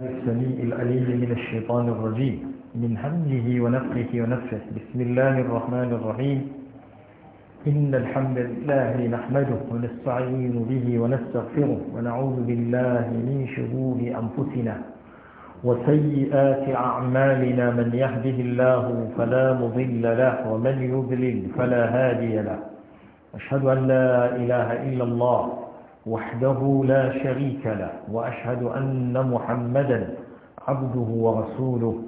السميع العليم من الشيطان الرجيم من همه ونفخه ونفسه بسم الله الرحمن الرحيم إن الحمد لله نحمده ونستعين به ونستغفره ونعوذ بالله من شرور أنفسنا وسيئات أعمالنا من يهده الله فلا مضل له ومن يضلل فلا هادي له أشهد أن لا إله إلا الله وحده لا شريك له وأشهد أن محمدا عبده ورسوله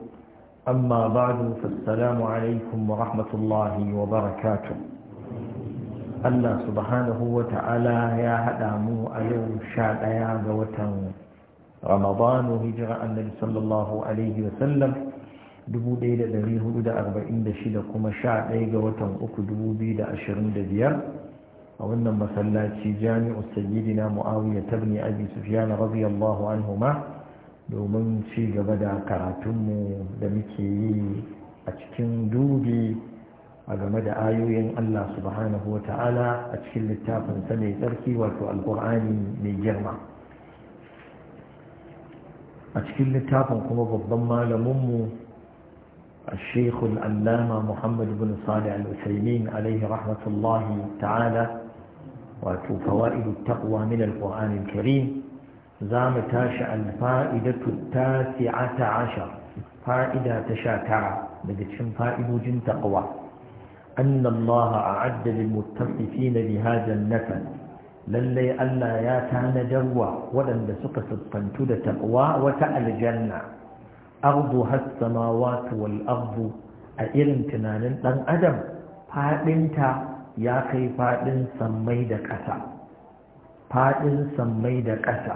أما بعد فالسلام عليكم ورحمة الله وبركاته الله سبحانه وتعالى يا هدامو ألو شاد يا رمضان هجر النبي صلى الله عليه وسلم dubu ɗaya da ɗari hudu da arba'in da shida kuma sha ɗaya ga watan uku dubu biyu da ashirin da biyar a wannan masallaci jami'u sayyidina muawiya tabni abi sufyan radiyallahu anhuma domin ci gaba da karatunmu da muke yi a cikin dubi a game da ayoyin Allah subhanahu wa a cikin littafin sa mai tsarki wato alkur'ani mai girma a cikin littafin kuma babban malaminmu الشيخ العلامة محمد بن صالح العثيمين عليه رحمة الله تعالى وفوائد التقوى من القرآن الكريم زام تاشع الفائدة التاسعة عشر فائدة تشاتع لقد فائد جن تقوى أن الله أعد للمتصفين بها جنة للي ألا يا تانا جوا ولن لسقط الطنتود تقوى وتأل جنة ardu hassamawatu wal ardu a irin tunanin ɗan adam faɗinta ya kai faɗin sammai da ƙasa faɗin sammai da ƙasa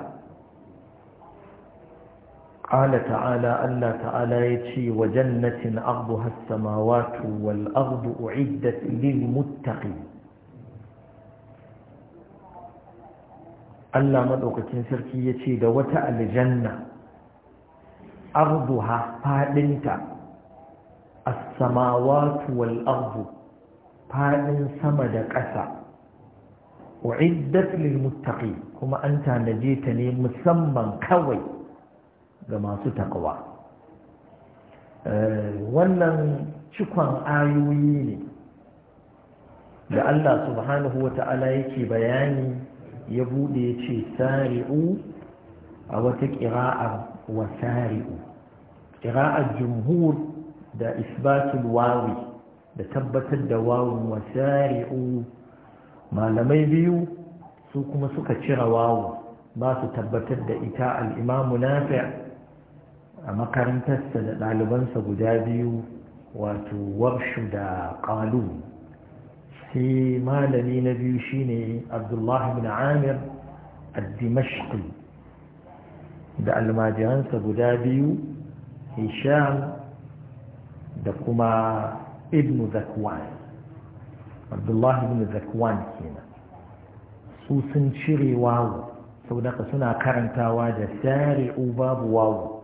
ƙala ta'ala Allah ta'ala ya ce wa jannatin ardu hassamawatu wal ardu u'iddat lil muttaqi Allah maɗaukacin sarki ya ce da wata aljanna arduha fadinta as-samawati wal ardu fadin sama da ƙasa uiddat lil muttaqi kuma an tanaje ta ne musamman kawai ga masu takwa eh, wannan cikon ayoyi ne da Allah subhanahu wa yake bayani ya bude ya ce sari'u a wata ƙira'ar وسارئوا قراءة الجمهور ده إثبات الواوي ده تبت الدواو وسارئوا ما لم يبيو سوكما سوكا شرا واو ما ستبت إتاء الإمام نافع أما كان تسد العلبان سبجابيو وتورش دا قالون في ما الذي نبيو شيني عبد الله بن عامر الدمشقي da almajiransa guda biyu hisham da kuma ibn zakwan abdullahi ibn zakwan kenan su sun cire wawo saboda suna karantawa da sari'u babu wawo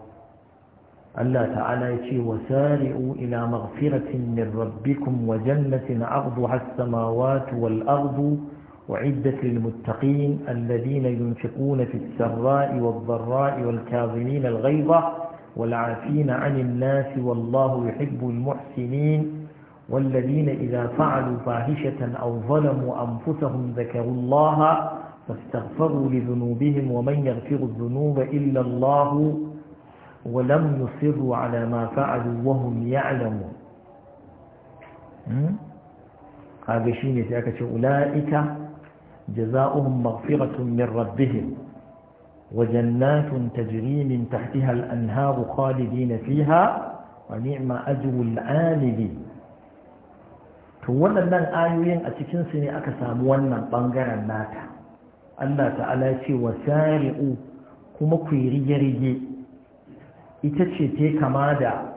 Allah ta'ala ya ce wa sari'u ila maghfiratin min rabbikum wa jannatin arduha as-samawati wal ardu وعدة للمتقين الذين ينفقون في السراء والضراء والكاظمين الغيظة والعافين عن الناس والله يحب المحسنين والذين إذا فعلوا فاحشة أو ظلموا أنفسهم ذكروا الله فاستغفروا لذنوبهم ومن يغفر الذنوب إلا الله ولم يصروا على ما فعلوا وهم يعلمون هذا شيء يتأكد أولئك جزاؤهم مغفرة من ربهم وجنات تجري من تحتها الأنهار خالدين فيها ونعم أجر العاملين to waɗannan ayoyin a cikinsu ne aka samu wannan ɓangaren nata Allah ta'ala ce wa sari'u kuma ku yi rige-rige ita ce ta kama da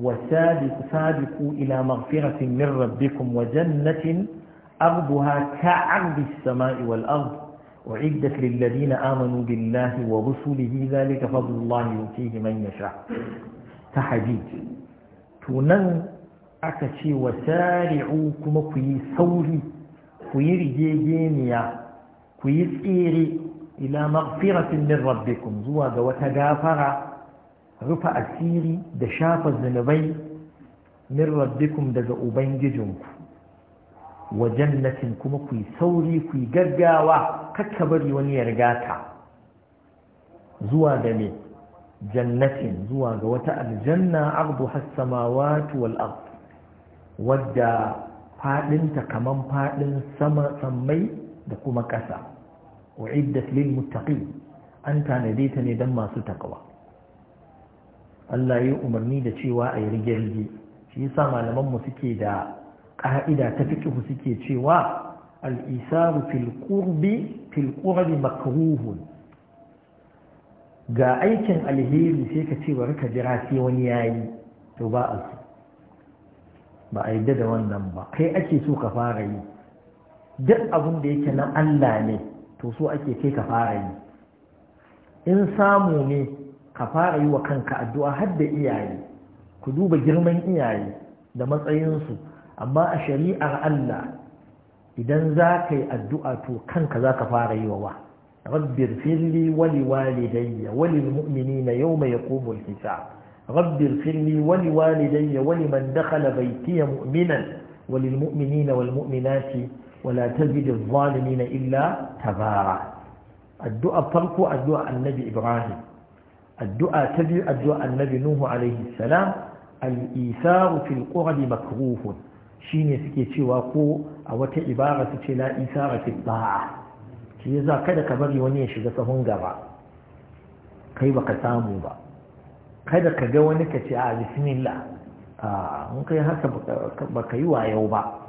wa sabiku ila magfiratin min rabbikum wa jannatin عرضها كعرض السماء والأرض أعدت للذين آمنوا بالله ورسله ذلك فضل الله يؤتيه من يشاء تحديد تنن أكشي وسارعوا كما كي سوري كي رجيجينيا كي سئيري إلى مغفرة من ربكم زواج وتغافر رفع السيري دشاف الزنبي من ربكم دقا أبنججنكم wa jannatin kuma ku yi sauri ku yi gaggawa kakka bari wani ya riga ka zuwa ga jannatin zuwa ga wata aljanna ardu hassamawati watu ard wadda fadinta kaman fadin sama sammai da kuma ƙasa uiddat lil muttaqin an tanade ta ne dan masu takawa Allah ya umarni da cewa a yi rige-rige shi yasa malaman mu suke da ƙa'ida ta fiƙihu suke cewa al'isaru filƙurbi filƙurbi makruhun ga aikin alheri sai ka ce bari jira sai wani yayi to ba a su ba a yadda da wannan ba kai ake so ka fara yi duk abin da yake na Allah ne to so ake kai ka fara yi in samu ne ka fara yi wa kanka addu'a har da iyaye ku duba girman iyaye da matsayinsu amma a shari'ar Allah idan za ka yi addu'a to kanka za ka fara yi wa wa rabbir firli wali walidayya wali mu'minina yawma yaqumul hisab rabbir firli wali walidayya wali man dakhala baytiya mu'minan walil na wal mu'minati wala tazidu adh-dhalimina illa tabara addu'a farko addu'a annabi ibrahim addu'a ta biyu addu'a annabi nuhu alayhi salam al-isaru fil qurbi makruhun shine suke cewa ko a wata ibara su ce la isara fi ba'a shi yasa kada ka bari wani ya shiga sahun gaba kai ka samu ba kada ka ga wani ka ce a bismillah a in kai haka baka yi wayo ba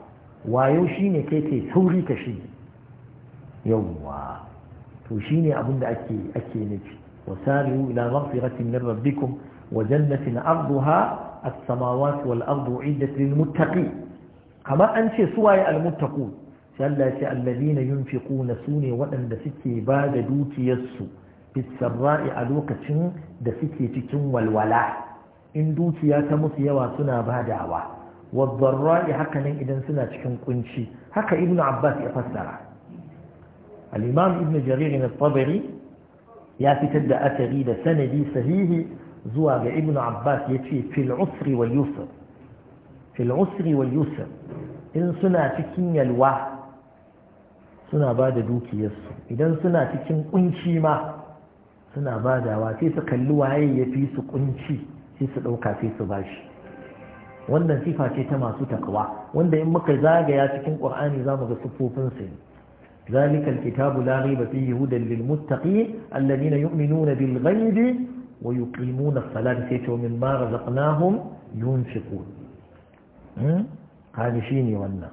wayo ne kai kai sauri ka shi yawwa to shine abin da ake ake nufi wasari'u ila maghfiratin min rabbikum wa jannatin arduha as-samawati wal ardu 'iddat lil muttaqin kamar an ce suwaye almuttaku sai Allah ya ce alladina yunfiquna sune waɗanda suke ba da dukiyarsu bisarra'i a lokacin da suke cikin walwala in dukiya ta musu yawa suna badawa wadzarra'i haka nan idan suna cikin kunci haka ibnu abbas ya fassara al-imam ibnu jarir al-tabari ya fitar da asari da sanadi sahihi zuwa ga ibnu abbas yace fil usri wal yusr fil usri wal yusr in suna cikin yalwa suna ba da dukiyarsu idan suna cikin kunci ma suna wa sai su kalli waye ya fi su kunci sai su ɗauka sai su bashi wannan sifa ce ta masu takwa wanda in muka zagaya cikin ƙur'ani za mu ga siffofinsu ne ذلك الكتاب لا ريب فيه هدى للمتقين الذين يؤمنون بالغيب ويقيمون الصلاة ومما رزقناهم ينفقون هذا شين وانا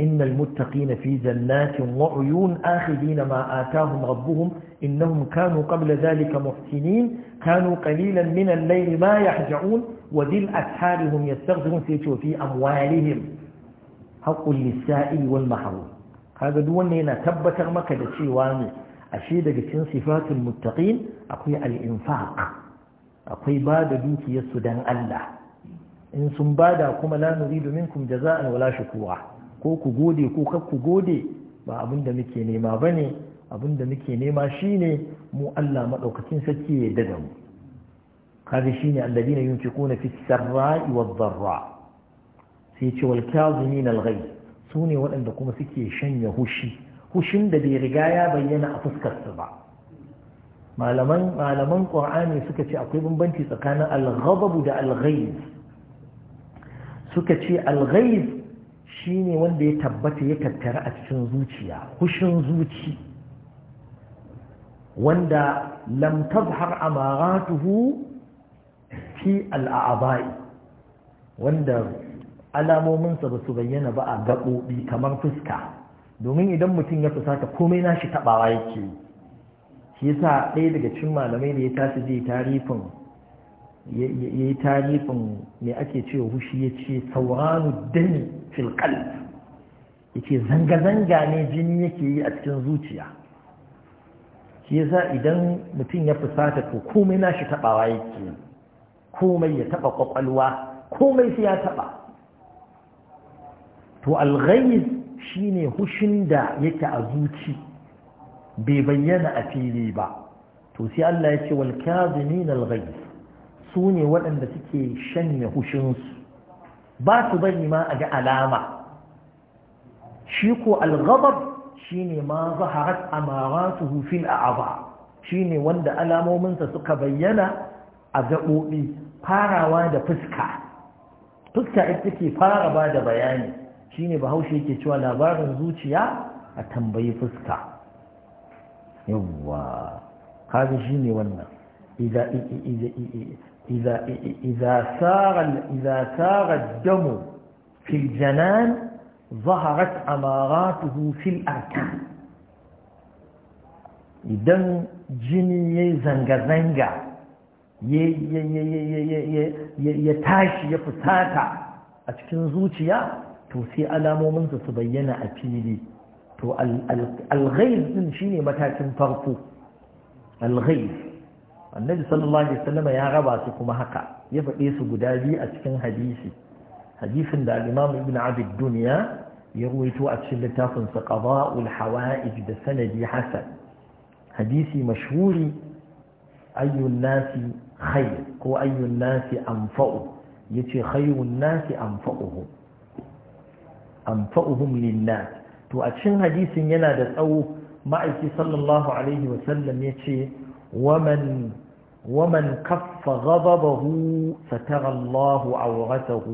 إن المتقين في جنات وعيون آخذين ما آتاهم ربهم إنهم كانوا قبل ذلك محسنين كانوا قليلا من الليل ما يحجعون وذي الأسحار هم يستغفرون في في أموالهم حق للسائل والمحروم هذا دون هنا تبتر مكة شيء واني أشيد جسين صفات المتقين أقوي الإنفاق أقوي بعد دوكي يسدان الله in sun bada kuma la nuridu minkum jaza'an wala shukura ko ku gode ko kar ku gode ba abin da muke nema bane abin da muke nema shine mu Allah madaukakin sarki ya yarda da mu kaga shine alladina yunfiquna fi sarra'i wad dharra sai ce kazimin al ghayb sune waɗanda kuma suke shanya hushi hushin da bai riga ya bayyana a fuskar su ba malaman malaman qur'ani suka ce akwai bambanci tsakanin al ghadab da al ghayb suka ce alghaiz shine wanda ya tabbata ya tattara a cikin zuciya hushin zuci wanda lam tazhar amaratuhu fi al'abai wanda alamominsa ba su bayyana ba a gaɓoɓi kamar fuska domin idan mutum ya fusata komai nashi taɓawa yake shi yasa ɗaya daga cikin malamai da ya tashi je tarifin ya yi tarifin me ake cewa hushi ya ce sauranu dani cilƙal. qalb yake zanga-zanga ne jini yake yi a cikin zuciya shi yasa idan mutum ya fusata to komai nashi tabawa yake komai ya taba kwakwalwa komai sai ya taba to alghayz shine hushin da yake a zuci bai bayyana a fili ba to sai Allah ya ce wal kazimin alghayz su ne waɗanda suke shanye hushinsu ba su bari ma a ga alama shi ko al-ghadab shine ma zaharat amaratuhu fil shi shine wanda alamominsa suka bayyana a gaɓoɓi farawa da fuska fuska ita take fara ba da bayani shine bahaushe yake cewa labarin zuciya a tambayi fuska yawwa kaga shine wannan إذا إذا إذا إذا سار إذا سار الدم في الجنان ظهرت أماراته في الأركان الدم جني زنجا زنجا ي ي ي ي ي ي ي ي ي يتاشي يفتاتا أتكن زوتيا توسي ألامو منذ تبين أتيلي تو الغيظ من شيني متاكن فرقو الغيظ annabi sallallahu alaihi wasallam ya raba su kuma haka ya faɗe su guda biyu a cikin hadisi hadisin da al-imam ibn abid dunya ya ruwaito a cikin littafin sa qada'ul hawa'ij da sanadi hasan hadisi mashhuri ayyun nasi khayr ko ayyun nasi anfa'u yace khayrun nasi anfa'uhum anfa'uhum lin-nas to a cikin hadisin yana da tsawo ma'aiki sallallahu alaihi wasallam yace ومن ومن كف غضبه فترى الله عورته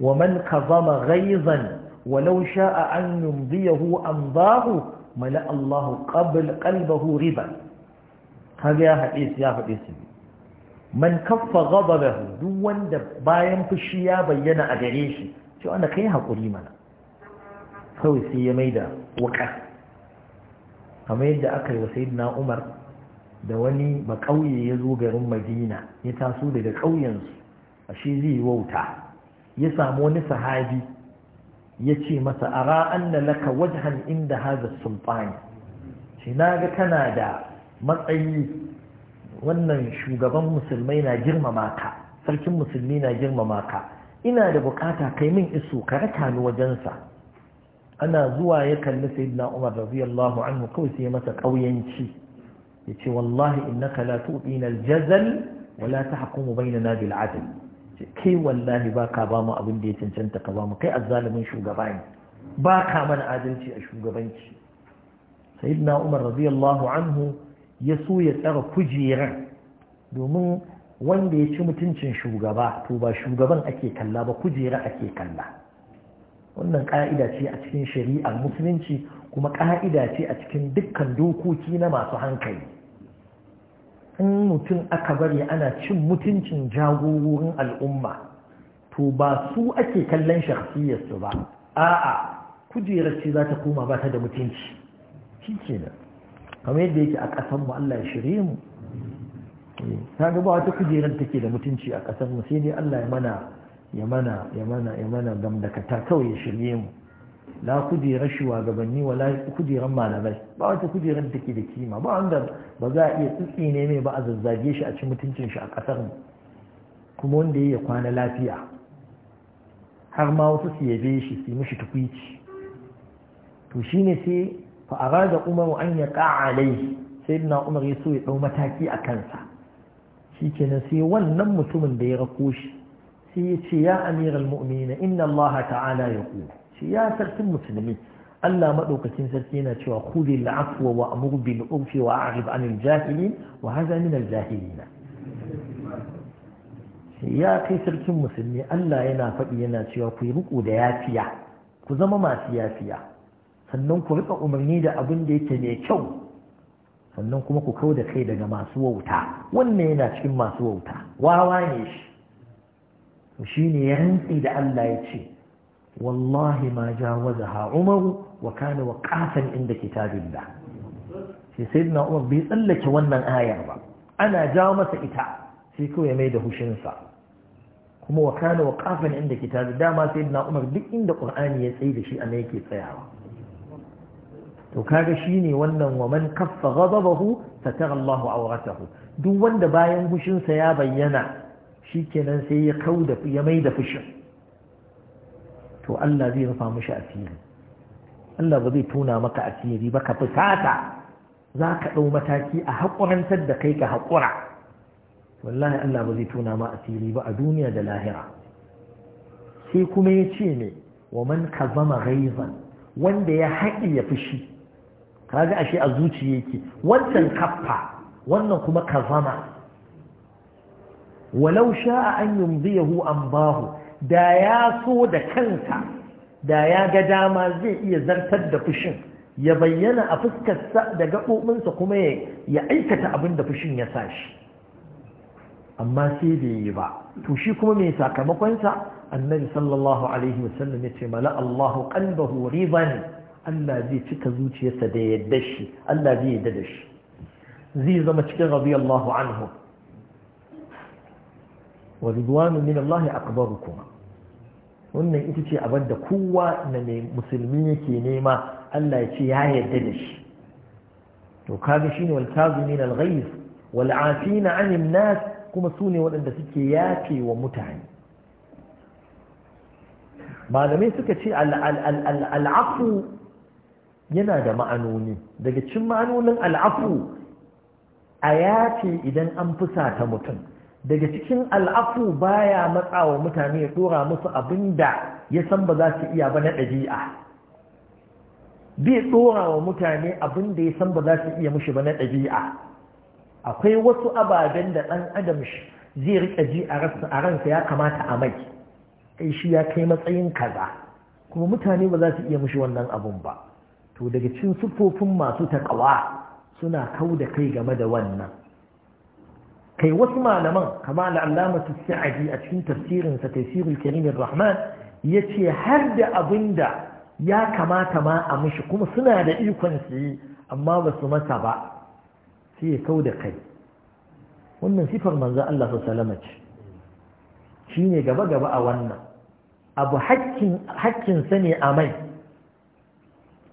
ومن كظم غيظا ولو شاء أن يمضيه أمضاه ملأ الله قبل قلبه ربا هذا يا حديث يا حديث من كف غضبه دون دباين فشيا بينا أدريشي شو أنا كيها قريمنا kawai sai ya maida wuka kamar yadda aka yi da wani makauye ya zo garin madina ya taso daga ƙauyensu a shi zai wauta ya samu wani sahabi ya ce masa ara anna laka wajhan inda haza sulfani shi na ga kana da matsayi wannan shugaban musulmai na girmama ka sarkin musulmi na girmama ka ina da bukata kai min iso ka raka ni wajensa ana zuwa ya kalli sayyidina umar radiyallahu anhu kawai sai masa ƙauyanci yace wallahi innaka la tuɓi na jazal wala ta hakumu bainana na adl kai wallahi baka ba mu abin da ya cancanta ka ba mu kai azzalumin shugaba ne baka mana adalci a shugabanci sayyidina umar radiyallahu anhu ya so ya tsara kujerar domin wanda ya ci mutuncin shugaba to ba shugaban ake kalla ba kujera ake kalla wannan ƙa'ida ce a cikin shari'ar musulunci kuma ƙa'ida ce a cikin dukkan dokoki na masu hankali in mutum aka bari ana cin mutuncin jagororin al'umma to ba su ake kallon shakasiyarsu ba a'a kujerar ce za ta koma ba ta da mutunci shi nan kamar yadda yake a ƙasar mu Allah ya shirye mu eh, ta ga ba wata kujerar take da mutunci a ƙasar mu sai dai Allah ya mana ya mana ya mana ya mana gamdakata kawai ya shirye mu la kujerar shugabanni wala kujerar malamai ba wata kujerar da ke da kima ba wanda ba za a iya tsitsi ne mai ba a zazzage shi a ci mutuncin shi a ƙasar mu kuma wanda ya kwana lafiya har ma wasu su yabe shi su mishi tukwici to shine sai fa arada umaru an ya alai sai na umar ya so ya dau mataki a kansa kenan sai wannan mutumin da ya rako shi sai ya ce ya amiral mu'mina inna allaha ta'ala ya qulu ce ya sarkin musulmi Allah maɗaukacin sarki yana cewa kuli la'afwa wa amur bil urfi wa a'rib anil jahilin wa haza min al jahilina ya kai sarkin musulmi Allah yana faɗi yana cewa ku yi riko da yafiya ku zama masu yafiya sannan ku riƙa umarni da abin da yake mai kyau sannan kuma ku kau da kai daga masu wauta wannan yana cikin masu wauta wawa ne shi shi ne ya rantsi da Allah ya ce wallahi ma jawazaha umar wa kana waqafan inda kitabillah sai sayyidina umar bai tsallake wannan ayar ba ana jawo masa ita sai kawai mai da hushinsa kuma wa kana waqafan inda kitabi dama sayyidina umar duk inda ƙur'ani ya tsaye da shi anan yake tsayawa to kaga shine wannan wa man kaffa ghadabahu satara Allahu awratahu duk wanda bayan hushinsa ya bayyana shikenan sai ya kauda mai da fushin to Allah zai rufa mishi asiri Allah ba zai tuna maka asiri ba ka fusata za ka ɗau mataki a haƙurantar da kai ka haƙura wallahi Allah ba zai tuna ma asiri ba a duniya da lahira sai kuma ya ce ne wa man ka zama ghaizan wanda ya haƙi ya fushi ga ashe a zuciya yake wancan kaffa wannan kuma ka zama walau sha'a an yumziyahu an bahu da ya so da kansa da ya ga dama zai iya zartar da fushin ya bayyana a fuskarsa da gaɓoɓinsa kuma ya aikata abin da fushin ya sa shi amma sai da yi ba to shi kuma mai sakamakonsa annabi sallallahu alaihi wasallam ya ce mala Allahu qalbahu riban Allah zai cika zuciyarsa da yadda shi Allah zai yadda da shi zai zama cikin radiyallahu anhu wa ridwanu min Allah akbarukum wannan ita ce abin da kowa na mai musulmi yake nema Allah ya ce ya yarda da shi to kaga shine wal kazimin al ghayz wal afina 'anil nas kuma sune waɗanda suke yafe wa mutane malamai suka ce al'afu yana da ma'anoni daga cin ma'anonin al'afu a yafe idan an fusata mutum daga cikin al'afu baya matsawa mutane ya tura musu abin da ya san ba za su iya ba na ɗabi'a bai tura wa mutane da ya san ba za su iya mushi ba na ɗabi'a akwai wasu ababen da ɗan adam zai riƙe ji a ransa ya kamata a mai kai shi ya kai matsayin kaza kuma mutane ba za su iya mushi wannan abun ba to daga cikin siffofin masu takawa suna kau da kai game da wannan kai wasu malaman kama da allama sa'adi a cikin sa tafsirul karimin rahman ya ce har da abin da ya kamata ma a mishi kuma suna da ikon su yi amma ba su masa ba sai ya kau da kai wannan sifar manzo Allah su salama ce shi ne gaba-gaba a wannan abu haƙƙinsa ne a mai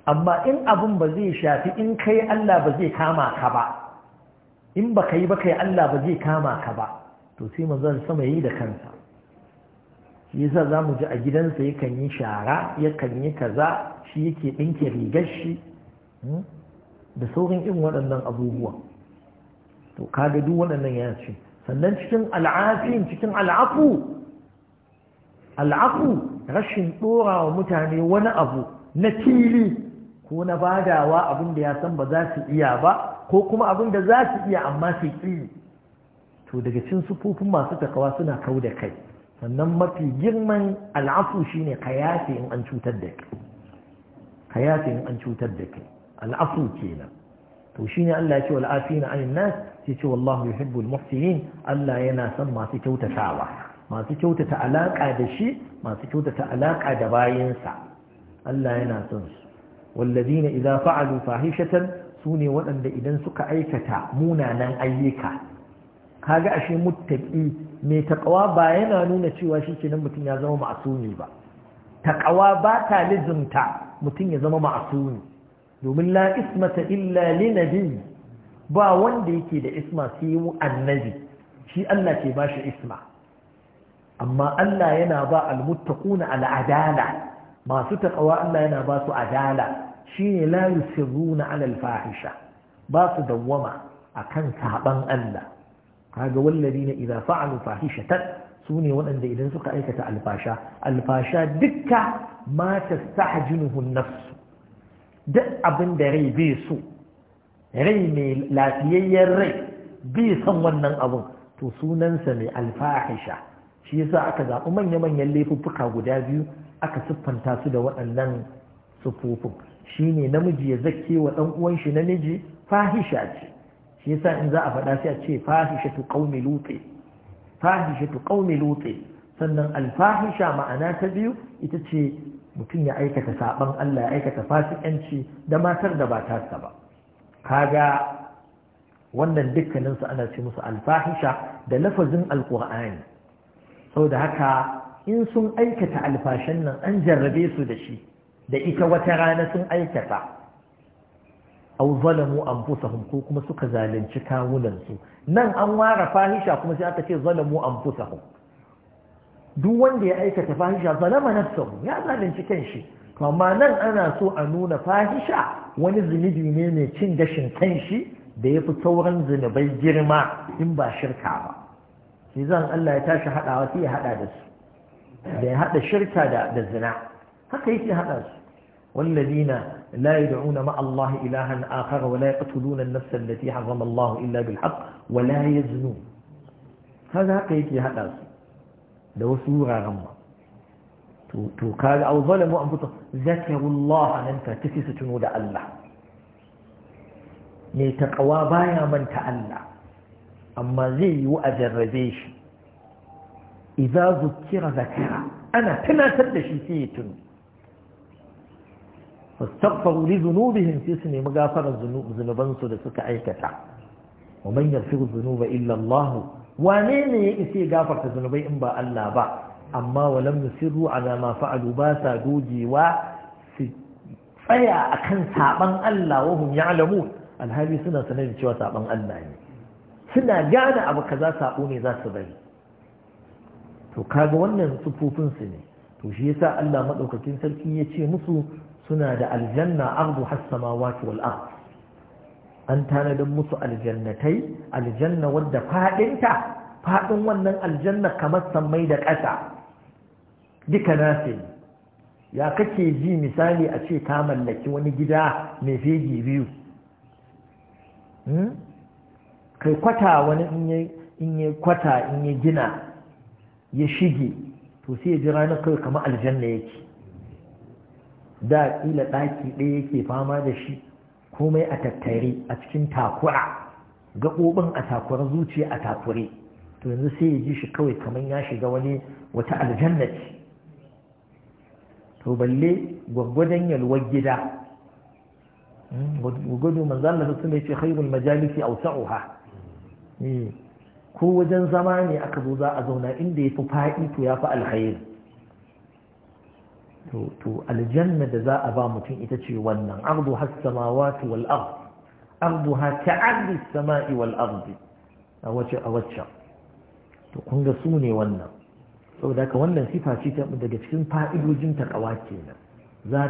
amma in abin ba zai shafi in kai Allah ba zai kama ka ba in ba ka yi ba kai Allah ba zai kama ka ba to sai zan sama yi da kansa shi yasa za mu ji a gidansa yakan yi shara yakan yi kaza shi yake ɗinke rigar shi hmm, da saurin irin waɗannan abubuwa to ga duk waɗannan ya ce sannan cikin al'afin cikin al'afu al'afu rashin ɗora wa mutane wani abu na fili ko na badawa abin da ya san ba za su iya ba ko kuma abin da za su iya amma su ƙi to daga cin sufufin masu takawa suna kau da kai sannan mafi girman al'afu shine ka in an cutar da kai ka in an cutar da al'afu kenan to shine Allah ya ce wal na anin nas sai ce wallahu yuhibbul muhsinin Allah yana son masu kyautatawa masu kyautata alaka da shi masu kyautata alaka da bayansa Allah yana son su والذين إذا فعلوا فاحشة su ne waɗanda idan suka aikata munanan ayyuka kaga ashe muttaki mai taƙawa ba yana nuna cewa shi kenan mutum ya zama ma'asumi ba taƙawa ba ta lizumta mutum ya zama ma'asumi domin la ismata illa li nabi ba wanda yake da isma sai yi annabi shi Allah ke ba shi isma amma Allah yana ba al al'adala masu taƙawa Allah yana ba su adala shine la yusirruna alal fahisha ba su dawwama akan saban Allah kaga walladina idza fa'alu fahishatan sune waɗanda idan suka aikata alfasha alfasha dukka ma tastahjinuhu an-nafs duk abin da rai bai so rai mai lafiyayyen rai bai san wannan abun. to sunansa mai alfahisha shi yasa aka zaɓi manya-manyan laifuffuka guda biyu aka siffanta su da waɗannan siffofin shine namiji ya zakke wa dan uwan shi namiji fahisha ce shi yasa in za a faɗa sai a ce fahishatu qaumi luti fahishatu qaumi luti sannan alfahisha ma'ana ta biyu ita ce mutum ya aikata saban Allah ya aikata fasikanci da matar da ba ta ba kaga wannan dukkaninsu ana ce musu alfahisha da lafazin alkur'ani sau da haka in sun aikata alfashan nan an jarrabe su da shi da ita wata rana sun aikata au zalamu anfusahum ko kuma suka zalunci kawunansu nan an ware fahisha kuma sai aka ce zalamu anfusahum duk wanda ya aikata fahisha zalama nafsahu ya zalunci kanshi to amma nan ana so a nuna fahisha wani zunubi ne mai cin gashin kanshi da ya fi sauran zunubai girma in ba shirka ba shi zan Allah ya tashi haɗawa sai ya haɗa da su da ya haɗa shirka da zina فكيف هذا والذين لا يدعون مع الله إلها آخر ولا يقتلون النفس التي حرم الله إلا بالحق ولا يزنون هذا كيف هذا لو سورة غمة قال أو ظلموا أنفسهم ذكروا الله أن تكسس جنود الله يتقوى بايا من تعلى أما زي وأجر زيشي إذا ذكر ذكر أنا تنا سدشي فيه fastaghfaru li dhunubihim su nemi gafarar zunubansu da suka aikata wa man yaghfiru dhunuba illa Allah wane ne ya gafarta zunubai in ba Allah ba amma wa lam yusirru ala ma ba sa dojewa su tsaya akan saban Allah wa hum ya'lamun alhali suna sanar da cewa saban Allah ne suna gane abu kaza sabo ne za su bari to kaga wannan tsufufin ne to shi yasa Allah maɗaukakin sarki ya ce musu suna da aljanna ardu has-samawati wal ard an tanadin musu aljannatai aljanna wadda fadinta fadin wannan aljanna kamar sammai da ƙasa duka nasi ya kake ji misali a ce ka mallaki wani gida mai fegi biyu hmm? kai kwata wani in yi kwata in yi gina ya shige to sai ya ji ranar kawai kamar aljanna yake da kila ɗaki ɗaya yake fama da shi komai a tattare a cikin takura gaɓoɓin a takura zuciya a takure to yanzu sai ya ji shi kawai kamar ya shiga wani wata aljanna ce to balle gwaggwadon yalwar gida hmm, gwaggwado manzan da su ne ce khairul majalisi ausa'uha eh, ko wajen zama ne aka zo za a zauna inda ya fi fa'i to ya fi alkhairi to aljanna da za a ba mutum ita ce wannan ardu has samawati wal ard ardu ha samai wal ardi a wace a wacce to kun ga su ne wannan saboda ka wannan sifa ce daga cikin fa'idojin takawa kenan za